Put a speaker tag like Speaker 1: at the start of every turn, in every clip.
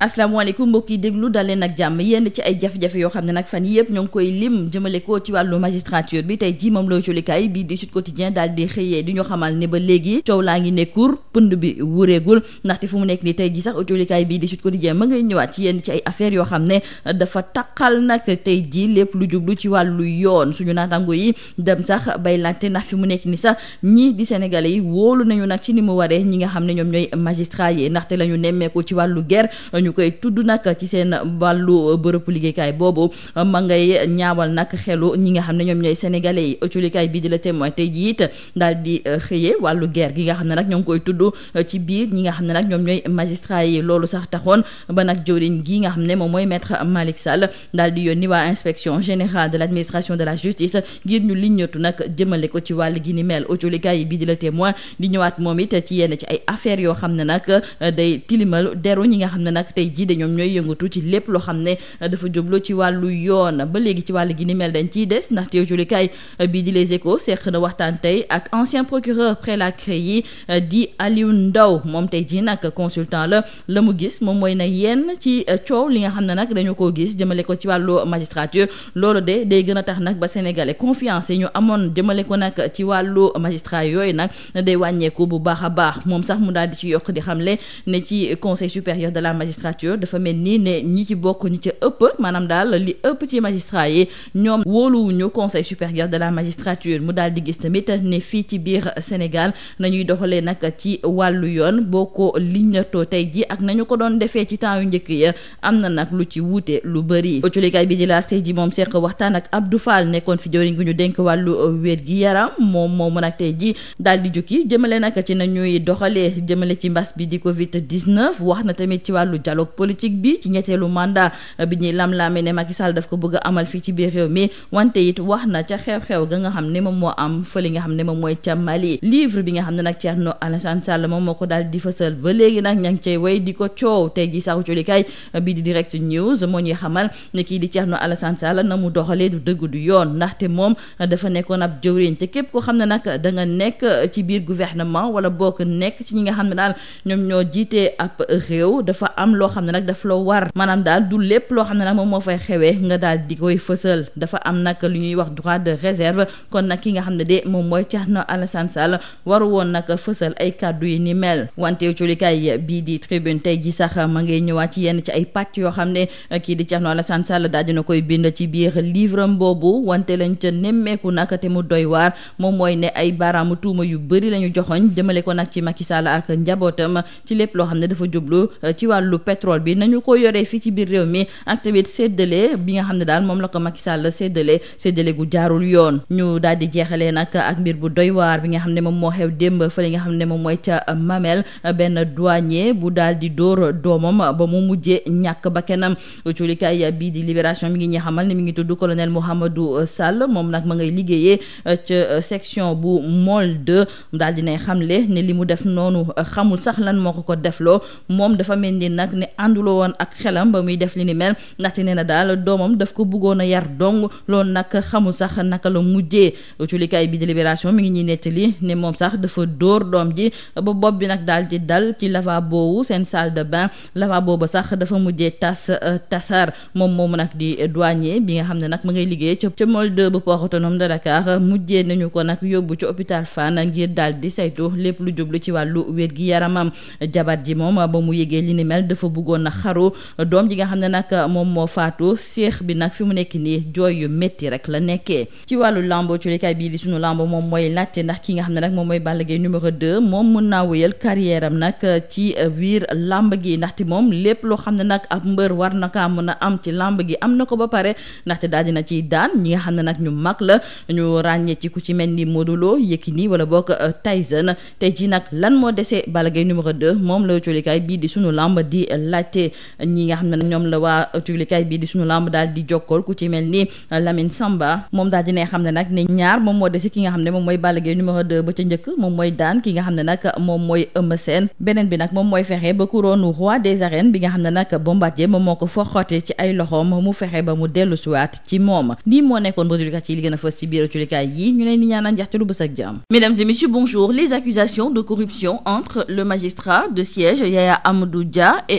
Speaker 1: asalaamaaleykum mbokk yi déglu dal leen ak jàmm yenn ci ay jafe-jafe yoo xam ne nag fan yi yëpp ñoo ngi koy lim jëmalekoo ko ci wàllu magistrature bi tey jii moom la colikaay bi di Sud Quotidien daal di xëyee di ñu xamal ne ba léegi coow laa ngi nekkur pënd bi wureegul ndaxte fu mu nekk nii tey jii sax colikaay bi di Sud Quotidien ma ngay ñëwaat ci yenn ci ay affaires yoo xam ne dafa taqal nag tey jii lépp lu jublu ci wàllu yoon suñu naataango yi dem sax bay laajte ndax fi mu nekk ni sax ñii di sénégalais yi wóolu nañu nag ci ni mu waree ñi nga xam ne ñoom ñooy magistrat yi ndaxte la nemmeeku ci wàllu guerre ñu koy tudd nag ci seen wàllu bërëbu liggéeykaay boobu ma ngay ñaawal nag xelu ñi nga xam ne ñoom ñooy sénégalais yi ëcculikaay bii di la témoin tey ji it daal di euh, xëyee wàllu guerre gi nga xam ne nag ñoo ngi koy tudd euh, ci biir ñi nga xam ne nag ñoom ñooy magistrat yi loolu sax taxoon ba nag jëwriñ gi nga xam ne moom mooy maître Malick Sall daal di yónni waa inspection générale de l'administration de la justice ngir ñu liññatu nag jëmale ko ci wàll gi ni mel bii di la témoin di ñëwaat moom it ci yenn ci ay affaires yoo xam ne nag euh, day tilimal deru ñi nga xam ne nag tey jii de ñoom ñooy yëngatu ci lépp loo xam ne dafa jublu ci wàllu yoon ba léegi ci wàll gi ni mel dañ ciy des ndaxte julikaay bii di les échos seq na waxtaan tey ak ancien procureur près la CREI yi di Aliou Ndao moom tey jii nag consultant la la mu gis moom mooy na yenn ci coow li nga xam ne nag dañu ko gis jëmale ko ci wàllu magistrature loolu de day gën a tax nag ba sénégalais confiance yi ñu amoon jëmale ko nag ci wàllu magistrat yooyu nag day wàññeeku bu baax a baax moom sax mu daal di ci yokk di xamle ne ci conseil supérieur de la magistrature magistrature dafa mel ni ne ñi ci bokk ñi ca ëpp maanaam daal li ëpp ci magistrat yi ñoom wóoluwuñu conseil supérieur de la magistrature mu daal gis tamit ne fii ci biir Sénégal nañuy doxalee nag ci wàllu yoon boo ko liñatoo tey ji ak nañu ko doon defee ci temps yu njëkk ya am na nag lu ci wuute lu bëri autolikaay bi di laas tey ji moom seq waxtaan ak Abdou Fall nekkoon fi jëwriñ gu ñu denk wàllu wér gi yaram moom moomu nag tey ji daal di jukki jëmale nag ci nañuy doxalee dialogue politique bi ci ñetteelu mandat bi ñuy lam-laame ne Macky Sall daf ko bëgg amal fii ci biir réew mi wante it wax na ca xew-xew ga nga xam ne moom moo am fële nga xam ne moom mooy ca Mali livre bi nga xam ne nag Thierno Alassane Sall moom moo ko daal di fësal ba léegi nag ña ngi cay way di ko coow tey ji saxu colikaay bii di direct news moo ñuy xamal ne kii di Thierno Alassane Sall na mu doxalee du dëgg du yoon te moom dafa nekkoon ab jëwriñ te képp koo xam ne nag da nga nekk ci biir gouvernement wala bokk nekk ci ñi nga xam ne daal ñoom ñoo jiitee ab loo xam ne nag daf la war maanaam daal du lépp loo xam ne nag moom moo fay xewee nga daal di koy fësal dafa am nag lu ñuy wax droit de réserve kon nag ki nga xam ne de moom mooy Thierno Alassane Sall waru woon nag fësal ay kàddu yi ni mel wante colikaay bii di tribune tey ji sax ma ngay ñëwaat ci yenn ci ay pàcc yoo xam ne kii di Thierno Alassane Sall daal dina koy bind ci biir livre am boobu wante lañ ca nemmeeku naka te mu doy waar moom mooy ne ay baaraamu tuuma yu bëri la ñu joxoñ jëmale ko nag ci Macky Sall ak njabootam ci lépp loo xam ne dafa jublu ci wàllu pétrole bi nañu ko yoree fii ci biir réew mi ak tamit séddale bi nga xam ne daal moom la ko Macky Sall séddale séddale gu jaarul yoon ñu daal di jeexalee nag ak mbir bu doy waar bi nga xam ne moom moo xew démb fële nga xam ne moom mooy ca Mamel benn douanier bu daal di dóor doomam ba mu mujjee ñàkk ba kenam culikaay bii di libération mi ngi ñi xamal ne mi ngi tudd colonel Mouhamadou Sall moom nag ma ngay liggéeyee ca section bu Mol 2 daal di nay xamle ne li mu def noonu xamul sax lan moo ko ko defloo moom ne ànduloo woon ak xelam ba muy def li ni mel ndaxte nee na daal doomam daf ko bëggoon a yar dong loolu nag xamul sax naka la mujje culikaay bi de Libération mi ngi ñuy nettali ne moom sax dafa dóor doom ji ba bopp bi nag daal di dal ci lavabo wu seen salle de bain lavabo sax dafa mujjee tas euh, tasar moom moomu nag di douanier bi nga xam ne nag ma ngay liggéey ca ca Molde bu port autonome de Dakar mujjee nañu ko nag yóbbu ci hôpital Fann ngir daal di saytu lépp lu jublu ci wàllu wér gi yaramam jabar ji moom ba mu yëgee li dafa dafa bëggoon a xaru doom ji nga xam ne nag moom moo faatu seex bi nag fi mu nekk nii jooy yu métti rek la nekkee ci wàllu lambo culikaay bii di sunu lambo moom mooy laajte ndax ki nga xam ne nag moom mooy Balla Gaye moom mun naa wéyal carrière am ci biir lamb gi ndaxte moom lépp loo xam ne nag ab mbër war na kaa mën a am ci lamb gi am na ko ba pare ndaxte daal dina ci daan ñi nga xam ne nag ñu mag la ku ci mel ni Modou di laajte ñi nga xam ne ñoom la waa publicité bi di suñu lamb daal di jokkool ku ci mel ni Lamine Samba moom daal dina xam ne nag ne ñaar moom moo desi ki nga xam ne moom moom mooy daan ki nga xam ne nag moom mooy fexe ba couronne roi des arènes bi nga xam ne nag Bombardier moom moo ko foxote ci ay loxoom mu fexe ba mu dellu siwaat ci moom lii moo nekkoon ba ci li gën a ci biir jullikaay yi ñu leen di ñaanal njeex ci lu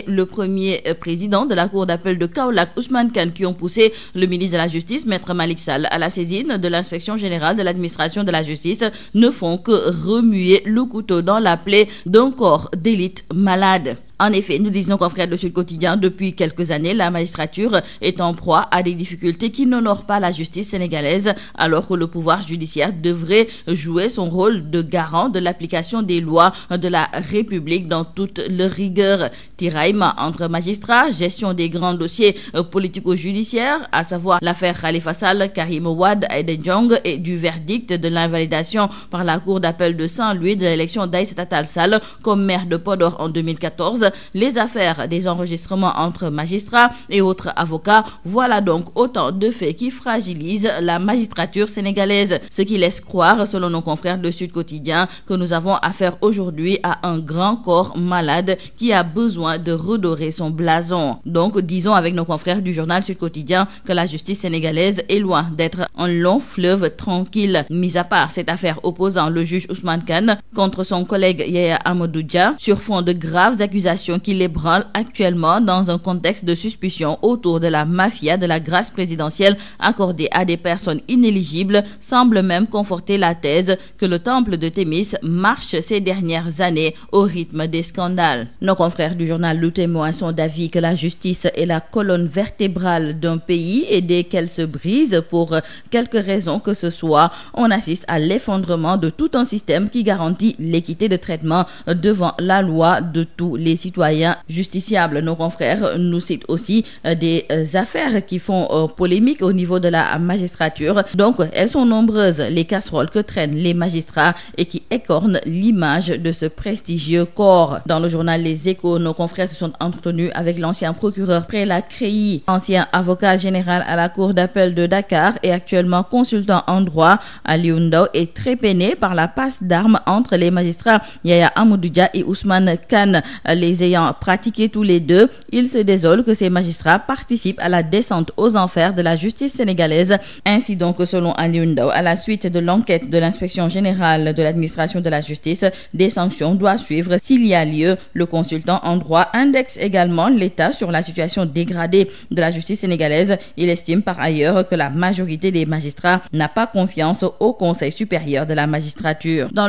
Speaker 1: le premier euh, président de la Cour d'appel de Kaolack, Ousmane Kane, qui ont poussé le ministre de la Justice, Maître Malick Sall, à la saisine de l'inspection générale de l'administration de la justice, ne font que remuer le couteau dans la plaie d'un corps d'élite malade. En effet, nous disons confrères de Sud Quotidien, depuis quelques années, la magistrature est en proie à des difficultés qui n'honorent pas la justice sénégalaise, alors que le pouvoir judiciaire devrait jouer son rôle de garant de l'application des lois de la République dans toute leur rigueur. Tiraillement entre magistrats, gestion des grands dossiers politico-judiciaires, à savoir l'affaire Khalifa Sall, Karim Ouad, Aïda Diong et du verdict de l'invalidation la Cour d'appel de Saint-Louis les affaires des enregistrements entre magistrats et autres avocats. Voilà donc autant de faits qui fragilisent la magistrature sénégalaise, ce qui laisse croire, selon nos confrères de Sud Quotidien, que nous avons affaire aujourd'hui à un grand corps malade qui a besoin de redorer son blason. Donc, disons avec nos confrères du journal Sud Quotidien que la justice sénégalaise est loin d'être un long fleuve tranquille. Mis à part cette affaire opposant situation qui l'ébranle actuellement dans un contexte de suspicion autour de la mafia de la grâce présidentielle accordée à des personnes inéligibles semble même conforter la thèse que le temple de Thémis marche ces dernières années au rythme des scandales. Nos confrères du journal Le Témoin sont d'avis que la justice est la colonne vertébrale d'un pays et dès qu'elle se brise pour quelque raison que ce soit, on assiste à l'effondrement de tout un système citoyens justiciables. Nos confrères nous citent aussi euh, des euh, affaires qui font euh, polémique au niveau de la magistrature. Donc, elles sont nombreuses, les casseroles que traînent les magistrats et qui écornent l'image de ce prestigieux corps. Dans le journal Les Échos, nos confrères se sont entretenus avec l'ancien procureur prélat ancien avocat général à la Cour d'appel de Dakar et actuellement consultant en droit. Aliou Ndao est très peiné par la passe d'armes les ayant pratiqués tous les deux ils se désolent que ces magistrats participent à la descente aux enfers de la justice sénégalaise ainsi donc selon Alioune à la suite de l'enquête de l'inspection générale de l'administration de la justice des sanctions doivent suivre s'il y a lieu le consultant en droit indexe également l'état sur la situation dégradée de la justice sénégalaise il estime par ailleurs que la majorité des magistrats n'a pas confiance au la magistrature dans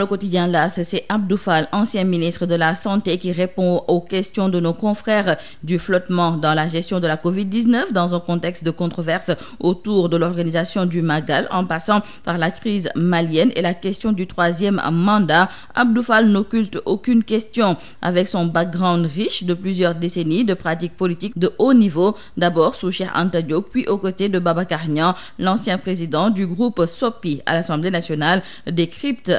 Speaker 1: aux questions de nos confrères du flottement dans la gestion de la Covid-19 dans un contexte de controverse autour de l'organisation du Magal en passant par la crise malienne et la question du troisième mandat, Abdou Fall n'occulte aucune question. Avec son background riche de plusieurs décennies de pratiques politiques de haut niveau, d'abord sous Cheikh Anta puis aux côtés de Babacar Niang, l'ancien président du groupe SOPI à l'Assemblée nationale, décrypte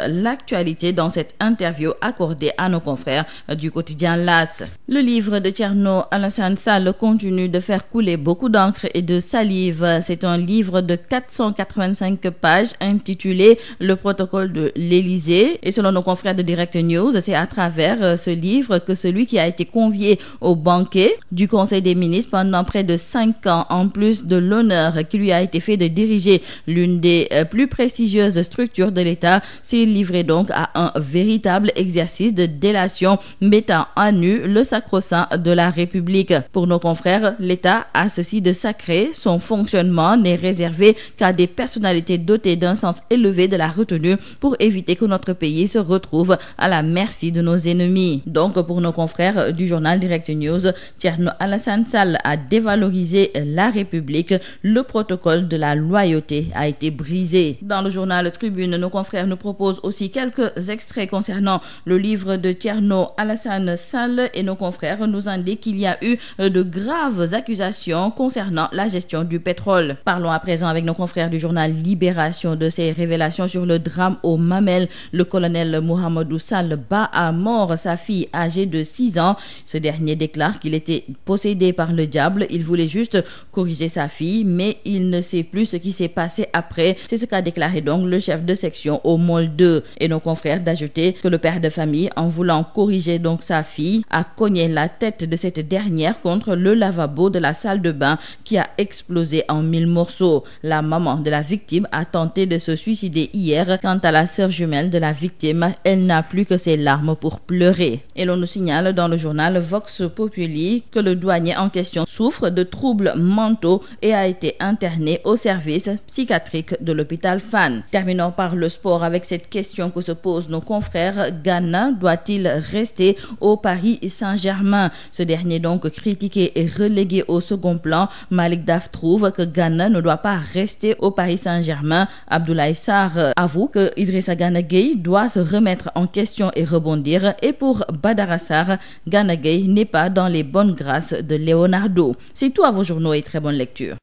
Speaker 1: place. Le livre de Tcherno Alassane Sall continue de faire couler beaucoup de salive. C'est un livre de 485 pages Le protocole de l'Élysée et selon nos confrères de Direct News, c'est à travers euh, ce livre a été convié au banquet du Conseil des ministres pendant près de cinq ans, en plus de l'honneur qui lui a été de diriger l'une des euh, plus prestigieuses structures de l'État, s'est donc à un véritable exercice de délation élu le sacro-saint de la République. Pour nos confrères, l'État a ceci de sacré. Son fonctionnement n'est réservé qu'à des personnalités dotées d'un sens élevé de la retenue pour éviter que notre pays se retrouve à la merci de nos ennemis. Donc, pour nos confrères du journal Direct News, Thierno Alassane Sall a dévalorisé la République. Le protocole de la loyauté a été brisé. Dans le journal Tribune, nos confrères nous proposent aussi quelques extraits concernant nationale et nos confrères nous indiquent qu'il y a eu euh, de graves accusations concernant la gestion du pétrole. Parlons à présent avec nos confrères du journal Libération de ces révélations sur le drame au Mamel. Le colonel Mohamedou Sall bat à mort sa fille âgée de 6 ans. Ce dernier déclare qu'il était possédé par le diable. Il voulait juste corriger sa fille, mais il ne sait plus ce qui s'est passé après. C'est ce qu'a déclaré donc le chef de section au Môle a cogné la tête de cette dernière contre le lavabo de la salle de bain qui a explosé en morceaux. La maman de la victime a tenté de se suicider hier. Quant à la sœur jumelle de la victime, elle n'a plus que ses larmes pour pleurer. Et l'on nous signale dans le journal Vox Populi que le douanier en question souffre de troubles mentaux et a été interné au service psychiatrique de l'hôpital Fann. Terminons par le sport avec cette question que se posent nos confrères. Saint-Germain. Ce dernier donc critiqué et relégué au second plan. Malik Daf trouve que Ghana ne doit pas rester au Paris Saint-Germain. Abdoulaye Sarr avoue que Idrissa doit se remettre en question et rebondir. Et pour Badara Sarr, Gana Gueye n'est pas dans les bonnes grâces de Leonardo. C'est à vos journaux et très bonne lecture.